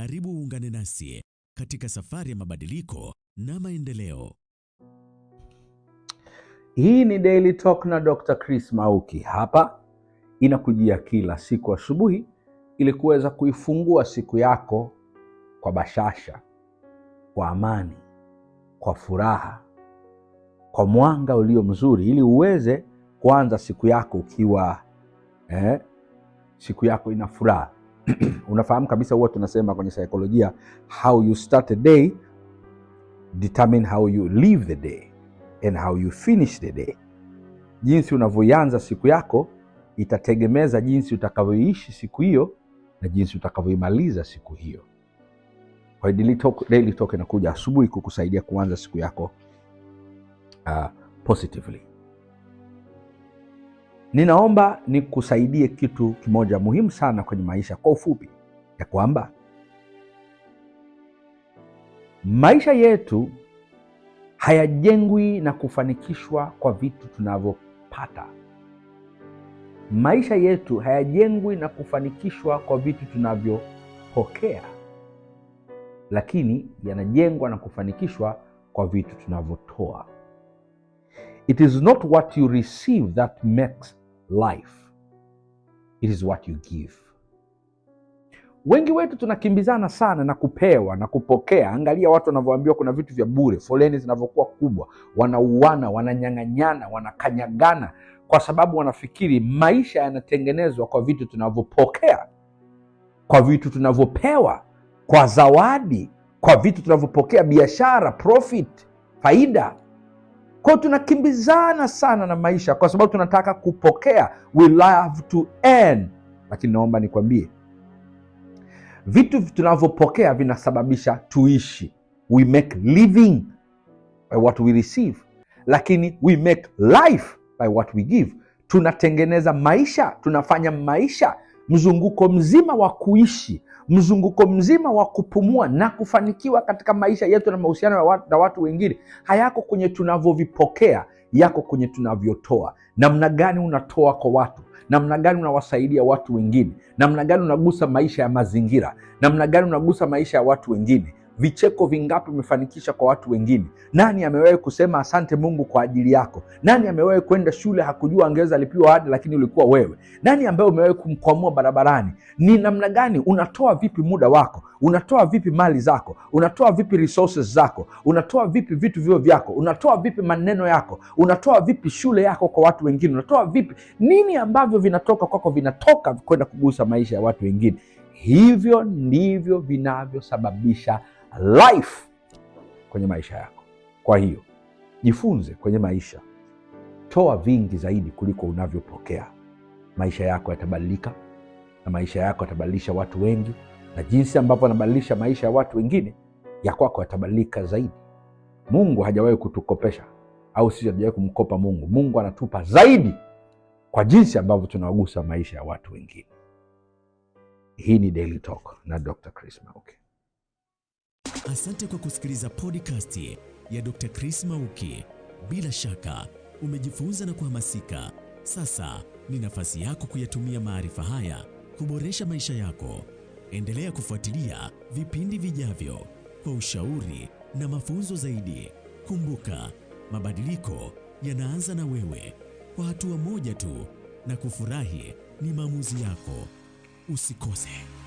karibu uungane nasi katika safari ya mabadiliko na maendeleo. Hii ni Daily Talk na Dr. Chris Mauki. Hapa inakujia kila siku asubuhi ili kuweza kuifungua siku yako kwa bashasha, kwa amani, kwa furaha, kwa mwanga ulio mzuri ili uweze kuanza siku yako ukiwa eh, siku yako ina furaha. unafahamu kabisa, huwa tunasema kwenye saikolojia, how you start the day determine how you live the day and how you finish the day. Jinsi unavyoianza siku yako itategemeza jinsi utakavyoishi siku hiyo na jinsi utakavyoimaliza siku hiyo. Kwa hiyo Daily Talk, Daily Talk inakuja asubuhi kukusaidia kuanza siku yako uh, positively. Ninaomba nikusaidie kitu kimoja muhimu sana kwenye maisha, kwa ufupi, ya kwamba maisha yetu hayajengwi na kufanikishwa kwa vitu tunavyopata. Maisha yetu hayajengwi na kufanikishwa kwa vitu tunavyopokea, lakini yanajengwa na kufanikishwa kwa vitu tunavyotoa. It is not what you receive that makes life. It is what you give. Wengi wetu tunakimbizana sana na kupewa na kupokea. Angalia watu wanavyoambiwa kuna vitu vya bure, foleni zinavyokuwa kubwa, wanauana, wananyang'anyana, wanakanyagana kwa sababu wanafikiri maisha yanatengenezwa kwa vitu tunavyopokea, kwa vitu tunavyopewa, kwa zawadi, kwa vitu tunavyopokea, biashara, profit, faida. Kwao tunakimbizana sana na maisha kwa sababu tunataka kupokea, we love to earn. Lakini naomba nikwambie vitu tunavyopokea vinasababisha tuishi. We make living by what we receive, lakini we make life by what we give. Tunatengeneza maisha, tunafanya maisha, mzunguko mzima wa kuishi mzunguko mzima wa kupumua na kufanikiwa katika maisha yetu na mahusiano na watu wengine hayako kwenye tunavyovipokea, yako kwenye tunavyotoa. Namna gani unatoa kwa watu, namna gani unawasaidia watu wengine, namna gani unagusa maisha ya mazingira, namna gani unagusa maisha ya watu wengine. Vicheko vingapi umefanikisha kwa watu wengine? Nani amewahi kusema asante Mungu kwa ajili yako? Nani amewahi kwenda shule hakujua angeweza alipiwa ada, lakini ulikuwa wewe? Nani ambaye umewahi kumkwamua barabarani? Ni namna gani unatoa vipi muda wako? Unatoa vipi mali zako? Unatoa vipi resources zako? Unatoa vipi vitu vio vyako? Unatoa vipi maneno yako? Unatoa vipi shule yako kwa watu wengine? Unatoa vipi nini ambavyo vinatoka kwako, vinatoka kwenda kugusa maisha ya watu wengine? Hivyo ndivyo vinavyosababisha life kwenye maisha yako. Kwa hiyo jifunze kwenye maisha, toa vingi zaidi kuliko unavyopokea. Maisha yako yatabadilika, na maisha yako yatabadilisha watu wengi, na jinsi ambavyo anabadilisha maisha ya watu wengine, ya kwako yatabadilika zaidi. Mungu hajawahi kutukopesha, au sisi hatujawahi kumkopa Mungu. Mungu anatupa zaidi kwa jinsi ambavyo tunawagusa maisha ya watu wengine. Hii ni Daily Talk na Dr. Chris Mauki. Asante kwa kusikiliza podcast ya Dr. Chris Mauki. Bila shaka umejifunza na kuhamasika. Sasa ni nafasi yako kuyatumia maarifa haya kuboresha maisha yako. Endelea kufuatilia vipindi vijavyo kwa ushauri na mafunzo zaidi. Kumbuka, mabadiliko yanaanza na wewe, kwa hatua moja tu, na kufurahi ni maamuzi yako usikose.